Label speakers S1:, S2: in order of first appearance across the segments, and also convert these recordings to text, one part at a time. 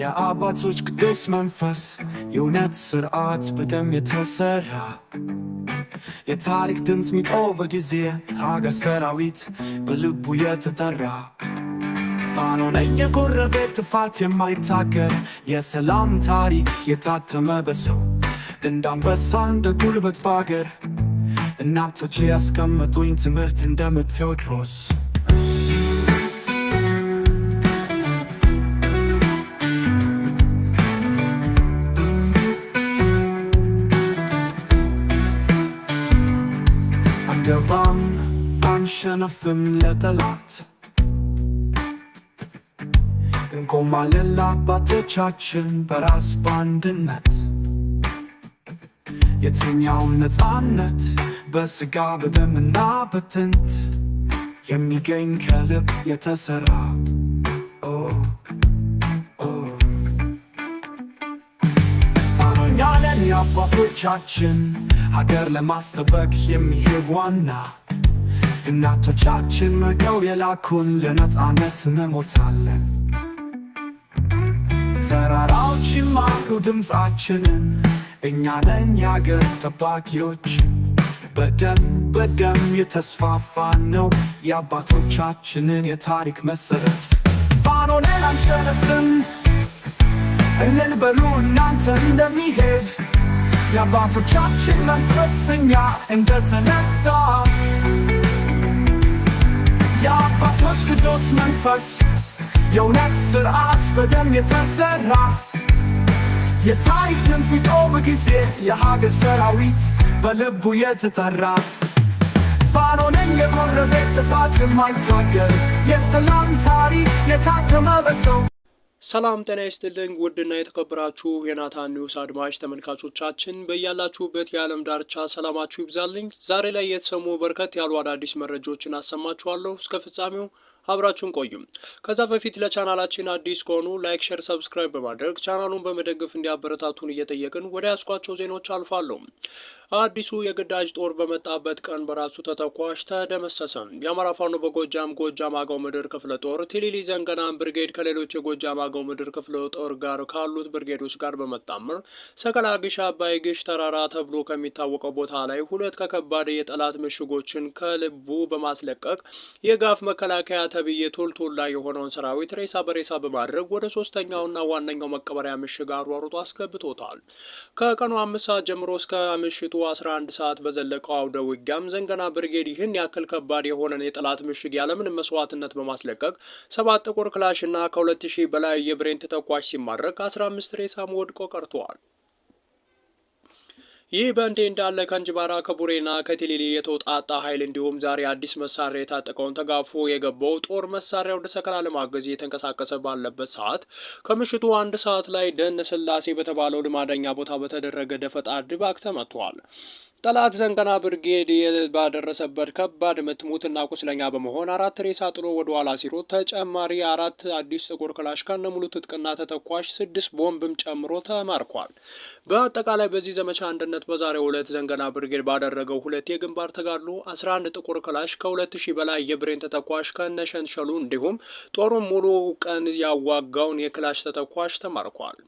S1: የአባቶች ቅዱስ መንፈስ የእውነት ስርዓት በደም የተሰራ የታሪክ ድምፅ ሚጦ በጊዜ ሀገር ሰራዊት በልቡ የተጠራ ፋኖ ነኝ የጎረቤት ጥፋት የማይታገር የሰላም ታሪክ የታተመ በሰው እንደ አንበሳ እንደ ጉልበት ባገር እናቶች ያስቀመጡኝ ትምህርት እንደ ቴዎድሮስ አይገባም አንሸነፍም ለጠላት እንቆማለን ለአባቶቻችን በራስ በአንድነት የትኛውን ነፃነት በስጋ በደምና በጥንት የሚገኝ ከልብ የተሰራ ፋኖኛ ነን የአባቶቻችን ሀገር ለማስጠበቅ የሚሄድ ዋና እናቶቻችን መቀው የላኩን ለነፃነት እንሞታለን። ተራራዎች ይማሩ ድምፃችንን እኛ ነን የአገር ጠባቂዎች። በደም በደም የተስፋፋ ነው የአባቶቻችንን የታሪክ መሰረት። ፋኖ አንሸነፍም እልል በሉ እናንተ እንደሚሄድ ያባቶቻችን መንፈስኛ እንደተነሳ የአባቶች ቅዱስ መንፈስ የእውነት ሥርዓት በደም የተሠራ የታሪክ ድምፅ ቢጮህ ጊዜ የሀገር ሰራዊት በልቡ የተጠራ ፋኖንን የጎረቤት ጥፋት የማይታገል የሰላም ታሪክ የታተመ በሰው
S2: ሰላም ጤና ይስጥልኝ ውድና የተከበራችሁ የናታን ኒውስ አድማጭ ተመልካቾቻችን በያላችሁበት የዓለም ዳርቻ ሰላማችሁ ይብዛልኝ። ዛሬ ላይ የተሰሙ በርከት ያሉ አዳዲስ መረጃዎችን አሰማችኋለሁ። እስከ ፍጻሜው አብራችሁን ቆዩም። ከዛ በፊት ለቻናላችን አዲስ ከሆኑ ላይክ፣ ሼር፣ ሰብስክራይብ በማድረግ ቻናሉን በመደገፍ እንዲያበረታቱን እየጠየቅን ወደ ያስኳቸው ዜናዎች አልፋለሁ። አዲሱ የግዳጅ ጦር በመጣበት ቀን በራሱ ተተኳሽ ተደመሰሰ። የአማራ ፋኖ በጎጃም ጎጃም አገው ምድር ክፍለ ጦር ቲሊሊ ዘንገናን ብርጌድ ከሌሎች የጎጃም አገው ምድር ክፍለ ጦር ጋር ካሉት ብርጌዶች ጋር በመጣምር ሰቀላ ግሽ አባይ ግሽ ተራራ ተብሎ ከሚታወቀው ቦታ ላይ ሁለት ከከባድ የጠላት ምሽጎችን ከልቡ በማስለቀቅ የጋፍ መከላከያ ተብዬ ላይ የሆነውን ሰራዊት ሬሳ በሬሳ በማድረግ ወደ ሶስተኛውና ዋነኛው መቀበሪያ ምሽግ አሯሩጦ አስገብቶታል። ከቀኑ አምስት ሰዓት ጀምሮ እስከ ምሽቱ 11 ሰዓት በዘለቀው አውደ ውጊያም ዘንገና ብርጌድ ይህን ያክል ከባድ የሆነን የጠላት ምሽግ ያለምን መስዋዕትነት በማስለቀቅ ሰባት ጥቁር ክላሽና ከ2000 በላይ የብሬን ተተኳሽ ሲማድረግ 15 ሬሳም ወድቆ ቀርተዋል። ይህ በእንዲህ እንዳለ ከእንጅባራ ከቡሬና ከቴሌሌ የተውጣጣ ኃይል እንዲሁም ዛሬ አዲስ መሳሪያ የታጠቀውን ተጋፎ የገባው ጦር መሳሪያ ወደ ሰከላ ለማገዝ እየተንቀሳቀሰ ባለበት ሰዓት ከምሽቱ አንድ ሰዓት ላይ ደን ስላሴ በተባለው ልማደኛ ቦታ በተደረገ ደፈጣ ድባቅ ተመቷል። ጠላት ዘንገና ብርጌድ ባደረሰበት ከባድ ምት ሙትና ቁስለኛ በመሆን አራት ሬሳ ጥሎ ወደ ኋላ ሲሮጥ ተጨማሪ አራት አዲስ ጥቁር ክላሽ ሙሉ ትጥቅና ተተኳሽ ስድስት ቦምብም ጨምሮ ተማርኳል። በአጠቃላይ በዚህ ዘመቻ አንድነት በዛሬው ዕለት ዘንገና ብርጌድ ባደረገው ሁለት የግንባር ተጋድሎ 11 ጥቁር ክላሽ ከሁለት ሺህ በላይ የብሬን ተተኳሽ ሸንሸሉ እንዲሁም ጦሩም ሙሉ ቀን ያዋጋውን የክላሽ ተተኳሽ ተማርኳል።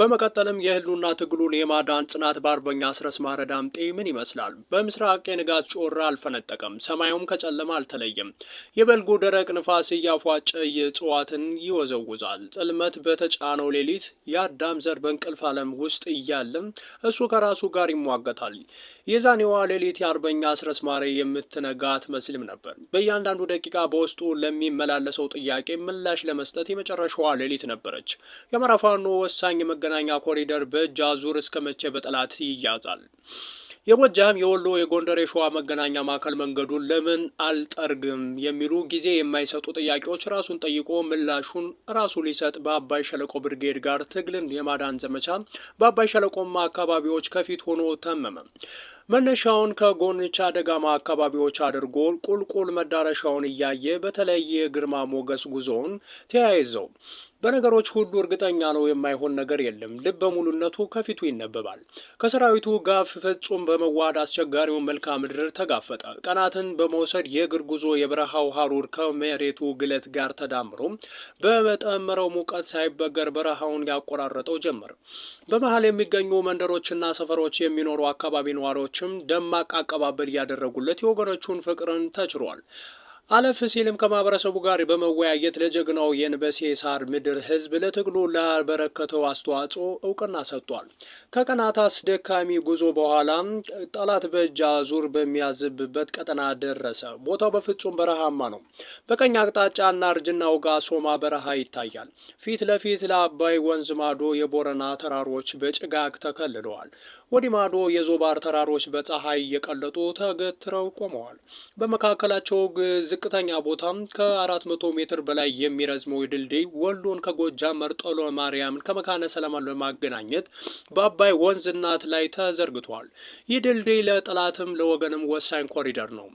S2: በመቀጠልም የህልውና ትግሉን የማዳን ጽናት በአርበኛ አስረስ ማረ ዳምጤ ምን ይመስላል? በምስራቅ የንጋት ጮራ አልፈነጠቀም፣ ሰማዩም ከጨለማ አልተለየም። የበልጎ ደረቅ ንፋስ እያፏጨ የእጽዋትን ይወዘውዛል። ጽልመት በተጫነው ሌሊት የአዳም ዘር በእንቅልፍ ዓለም ውስጥ እያለም እሱ ከራሱ ጋር ይሟገታል። የዛኔዋ ሌሊት የአርበኛ አስረስ ማረ የምትነጋ አትመስልም ነበር። በእያንዳንዱ ደቂቃ በውስጡ ለሚመላለሰው ጥያቄ ምላሽ ለመስጠት የመጨረሻዋ ሌሊት ነበረች። የአማራ ፋኖ ወሳኝ መገናኛ ኮሪደር በእጅ አዙር እስከ መቼ በጠላት ይያዛል? የጎጃም የወሎ፣ የጎንደር፣ የሸዋ መገናኛ ማዕከል መንገዱን ለምን አልጠርግም የሚሉ ጊዜ የማይሰጡ ጥያቄዎች ራሱን ጠይቆ ምላሹን ራሱ ሊሰጥ በአባይ ሸለቆ ብርጌድ ጋር ትግልን የማዳን ዘመቻ በአባይ ሸለቆማ አካባቢዎች ከፊት ሆኖ ተመመ። መነሻውን ከጎንቻ ደጋማ አካባቢዎች አድርጎ ቁልቁል መዳረሻውን እያየ በተለየ ግርማ ሞገስ ጉዞውን ተያይዘው በነገሮች ሁሉ እርግጠኛ ነው። የማይሆን ነገር የለም። ልበ ሙሉነቱ ከፊቱ ይነበባል። ከሰራዊቱ ጋፍ ፍጹም በመዋድ አስቸጋሪውን መልክዓ ምድር ተጋፈጠ። ቀናትን በመውሰድ የእግር ጉዞ የበረሃው ሀሩር ከመሬቱ ግለት ጋር ተዳምሮ በመጠመረው ሙቀት ሳይበገር በረሃውን ያቆራረጠው ጀመር። በመሀል የሚገኙ መንደሮችና ሰፈሮች የሚኖሩ አካባቢ ነዋሪዎች አባሎችም ደማቅ አቀባበል ያደረጉለት የወገኖቹን ፍቅርን ተችሯል። አለፍ ሲልም ከማህበረሰቡ ጋር በመወያየት ለጀግናው የእንበሴ ሳር ምድር ሕዝብ ለትግሉ ላበረከተው አስተዋጽኦ እውቅና ሰጥቷል። ከቀናት አስደካሚ ጉዞ በኋላ ጠላት በእጅ አዙር በሚያዝብበት ቀጠና ደረሰ። ቦታው በፍጹም በረሃማ ነው። በቀኝ አቅጣጫ እርጅና ውጋ ሶማ በረሃ ይታያል። ፊት ለፊት ለአባይ ወንዝ ማዶ የቦረና ተራሮች በጭጋግ ተከልለዋል። ወዲህ ማዶ የዞባር ተራሮች በፀሐይ እየቀለጡ ተገትረው ቆመዋል። በመካከላቸው ዝቅተኛ ቦታም ከ400 ሜትር በላይ የሚረዝመው ድልድይ ወሎን ከጎጃም መርጦሎ ማርያምን ከመካነ ሰላማን ለማገናኘት በአባይ ወንዝ እናት ላይ ተዘርግቷል። ይህ ድልድይ ለጠላትም ለወገንም ወሳኝ ኮሪደር ነው።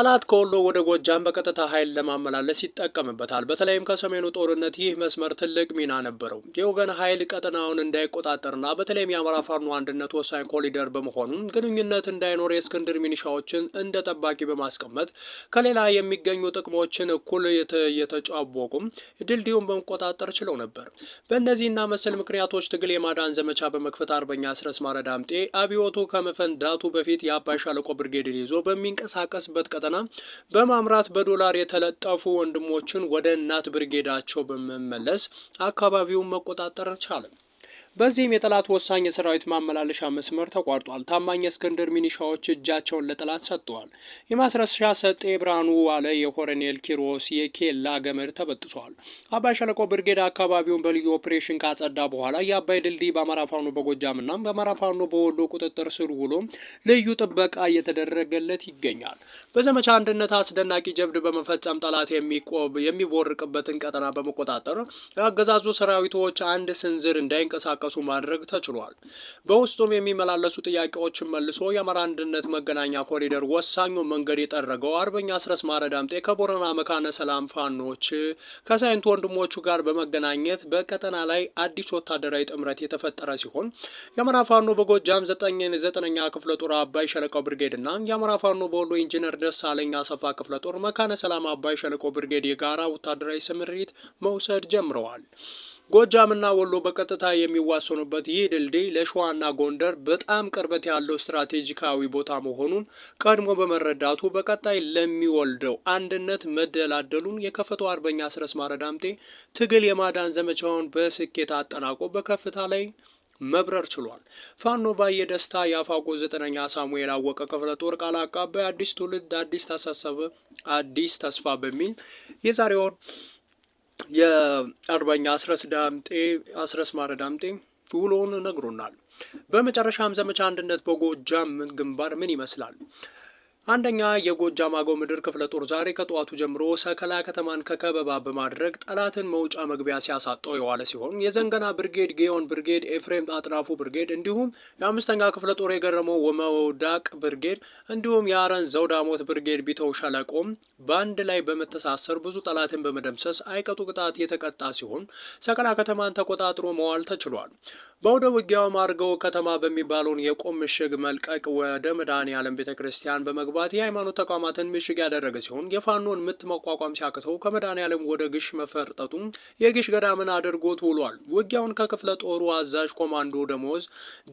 S2: ጠላት ከወሎ ወደ ጎጃም በቀጥታ ኃይል ለማመላለስ ይጠቀምበታል። በተለይም ከሰሜኑ ጦርነት ይህ መስመር ትልቅ ሚና ነበረው። የወገን ኃይል ቀጠናውን እንዳይቆጣጠርና በተለይም የአማራ ፋኖ አንድነት ወሳኝ ኮሊደር በመሆኑ ግንኙነት እንዳይኖር የእስክንድር ሚኒሻዎችን እንደ ጠባቂ በማስቀመጥ ከሌላ የሚገኙ ጥቅሞችን እኩል የተጫወቁም ድልድዩን በመቆጣጠር ችለው ነበር። በእነዚህና መሰል ምክንያቶች ትግል የማዳን ዘመቻ በመክፈት አርበኛ አስረስ ማረ ዳምጤ አብዮቱ ከመፈንዳቱ በፊት የአባይ ሻለቆ ብርጌድን ይዞ በሚንቀሳቀስበት ቀጠና ቀጠና በማምራት በዶላር የተለጠፉ ወንድሞችን ወደ እናት ብርጌዳቸው በመመለስ አካባቢውን መቆጣጠር ቻለም። በዚህም የጠላት ወሳኝ የሰራዊት ማመላለሻ መስመር ተቋርጧል። ታማኝ የእስክንድር ሚኒሻዎች እጃቸውን ለጠላት ሰጥተዋል። የማስረሻ ሰጤ ብርሃኑ ዋለ፣ የኮሎኔል ኪሮስ የኬላ ገመድ ተበጥሷል። አባይ ሸለቆ ብርጌድ አካባቢውን በልዩ ኦፕሬሽን ካጸዳ በኋላ የአባይ ድልድይ በአማራ ፋኖ በጎጃምና በአማራ ፋኖ በወሎ ቁጥጥር ስር ውሎ ልዩ ጥበቃ እየተደረገለት ይገኛል። በዘመቻ አንድነት አስደናቂ ጀብድ በመፈጸም ጠላት የሚቆብ የሚቦርቅበትን ቀጠና በመቆጣጠር የአገዛዙ ሰራዊቶች አንድ ስንዝር እንዳይንቀሳቀ እንዲንቀሳቀሱ ማድረግ ተችሏል። በውስጡም የሚመላለሱ ጥያቄዎችን መልሶ የአማራ አንድነት መገናኛ ኮሪደር ወሳኙ መንገድ የጠረገው አርበኛ አስረስ ማረዳምጤ ዳምጤ ከቦረና መካነ ሰላም ፋኖች ከሳይንት ወንድሞቹ ጋር በመገናኘት በቀጠና ላይ አዲስ ወታደራዊ ጥምረት የተፈጠረ ሲሆን የአማራ ፋኖ በጎጃም ዘጠነኛ ክፍለ ጦር አባይ ብርጌድ ብርጌድና የአማራ ፋኖ በወሎ ኢንጂነር ደሳለኝ አሰፋ ክፍለ ጦር መካነ ሰላም አባይ ሸለቆ ብርጌድ የጋራ ወታደራዊ ስምሪት መውሰድ ጀምረዋል። ጎጃምና ወሎ በቀጥታ የሚዋሰኑበት ይህ ድልድይ ለሸዋና ጎንደር በጣም ቅርበት ያለው ስትራቴጂካዊ ቦታ መሆኑን ቀድሞ በመረዳቱ በቀጣይ ለሚወልደው አንድነት መደላደሉን የከፈተው አርበኛ አስረስ ማረ ዳምጤ ትግል የማዳን ዘመቻውን በስኬት አጠናቆ በከፍታ ላይ መብረር ችሏል። ፋኖ ባየ ደስታ የአፋቆ ዘጠነኛ ሳሙኤል አወቀ ክፍለ ጦር ቃል አቃባይ አዲስ ትውልድ አዲስ ታሳሰበ አዲስ ተስፋ በሚል የዛሬውን የአርበኛ አስረስ ዳምጤ አስረስ ማረ ዳምጤ ውሎውን ነግሮናል። በመጨረሻም ዘመቻ አንድነት በጎጃም ግንባር ምን ይመስላል? አንደኛ የጎጃም አገው ምድር ክፍለ ጦር ዛሬ ከጠዋቱ ጀምሮ ሰከላ ከተማን ከከበባ በማድረግ ጠላትን መውጫ መግቢያ ሲያሳጠው የዋለ ሲሆን የዘንገና ብርጌድ፣ ጌዮን ብርጌድ፣ ኤፍሬም አጥናፉ ብርጌድ እንዲሁም የአምስተኛ ክፍለ ጦር የገረመው ወመውዳቅ ብርጌድ እንዲሁም የአረን ዘውዳሞት ብርጌድ ቢተው ሸለቆም በአንድ ላይ በመተሳሰር ብዙ ጠላትን በመደምሰስ አይቀጡ ቅጣት የተቀጣ ሲሆን ሰከላ ከተማን ተቆጣጥሮ መዋል ተችሏል። በአውደ ውጊያውም አርገው ከተማ በሚባለውን የቆም ምሽግ መልቀቅ ወደ መድኃኔ ዓለም ቤተ ክርስቲያን በመግባት በመግባት የሃይማኖት ተቋማትን ምሽግ ያደረገ ሲሆን የፋኖን ምት መቋቋም ሲያቅተው ከመድኃኔዓለም ወደ ግሽ መፈርጠቱም የግሽ ገዳምን አድርጎት ውሏል። ውጊያውን ከክፍለ ጦሩ አዛዥ ኮማንዶ ደሞዝ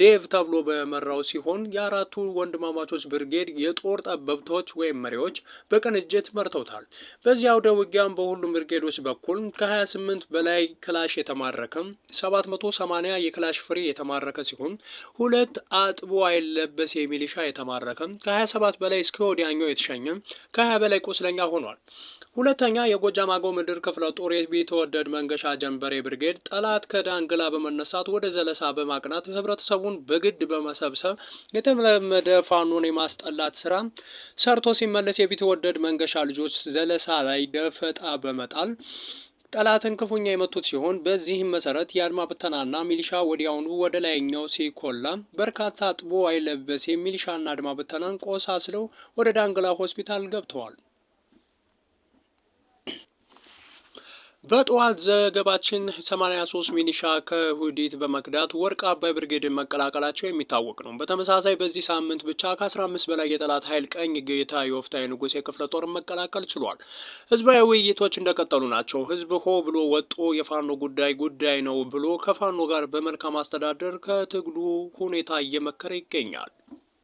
S2: ዴቭ ተብሎ በመራው ሲሆን የአራቱ ወንድማማቾች ብርጌድ የጦር ጠበብቶች ወይም መሪዎች በቅንጅት መርተውታል። በዚህ አውደ ውጊያም በሁሉም ብርጌዶች በኩል ከ28 በላይ ክላሽ የተማረከ 780 የክላሽ ፍሬ የተማረከ ሲሆን ሁለት አጥቦ አይለበስ የሚሊሻ የተማረከ ከ27 በላይ እስከ ወዲያኛው የተሸኘ ከሀያ በላይ ቁስለኛ ሆኗል። ሁለተኛ የጎጃም አገው ምድር ክፍለ ጦር የቢትወደድ መንገሻ ጀንበሬ ብርጌድ ጠላት ከዳንግላ በመነሳት ወደ ዘለሳ በማቅናት ህብረተሰቡን በግድ በመሰብሰብ የተለመደ ፋኖን የማስጠላት ስራ ሰርቶ ሲመለስ የቢተወደድ መንገሻ ልጆች ዘለሳ ላይ ደፈጣ በመጣል ጠላትን ክፉኛ የመቱት ሲሆን በዚህም መሰረት የአድማ ብተናና ሚሊሻ ወዲያውኑ ወደ ላይኛው ሲኮላ በርካታ አጥቦ አይለበሴ ሚሊሻና አድማ ብተናን ቆሳስለው ወደ ዳንግላ ሆስፒታል ገብተዋል። በጠዋት ዘገባችን 83 ሚሊሻ ከሁዲት በመክዳት ወርቅ አባይ ብርጌድ መቀላቀላቸው የሚታወቅ ነው። በተመሳሳይ በዚህ ሳምንት ብቻ ከ15 በላይ የጠላት ኃይል ቀኝ ጌታ የወፍታዊ ንጉሴ ክፍለ ጦር መቀላቀል ችሏል። ህዝባዊ ውይይቶች እንደቀጠሉ ናቸው። ህዝብ ሆ ብሎ ወጦ የፋኖ ጉዳይ ጉዳይ ነው ብሎ ከፋኖ ጋር በመልካም አስተዳደር ከትግሉ ሁኔታ እየመከረ ይገኛል።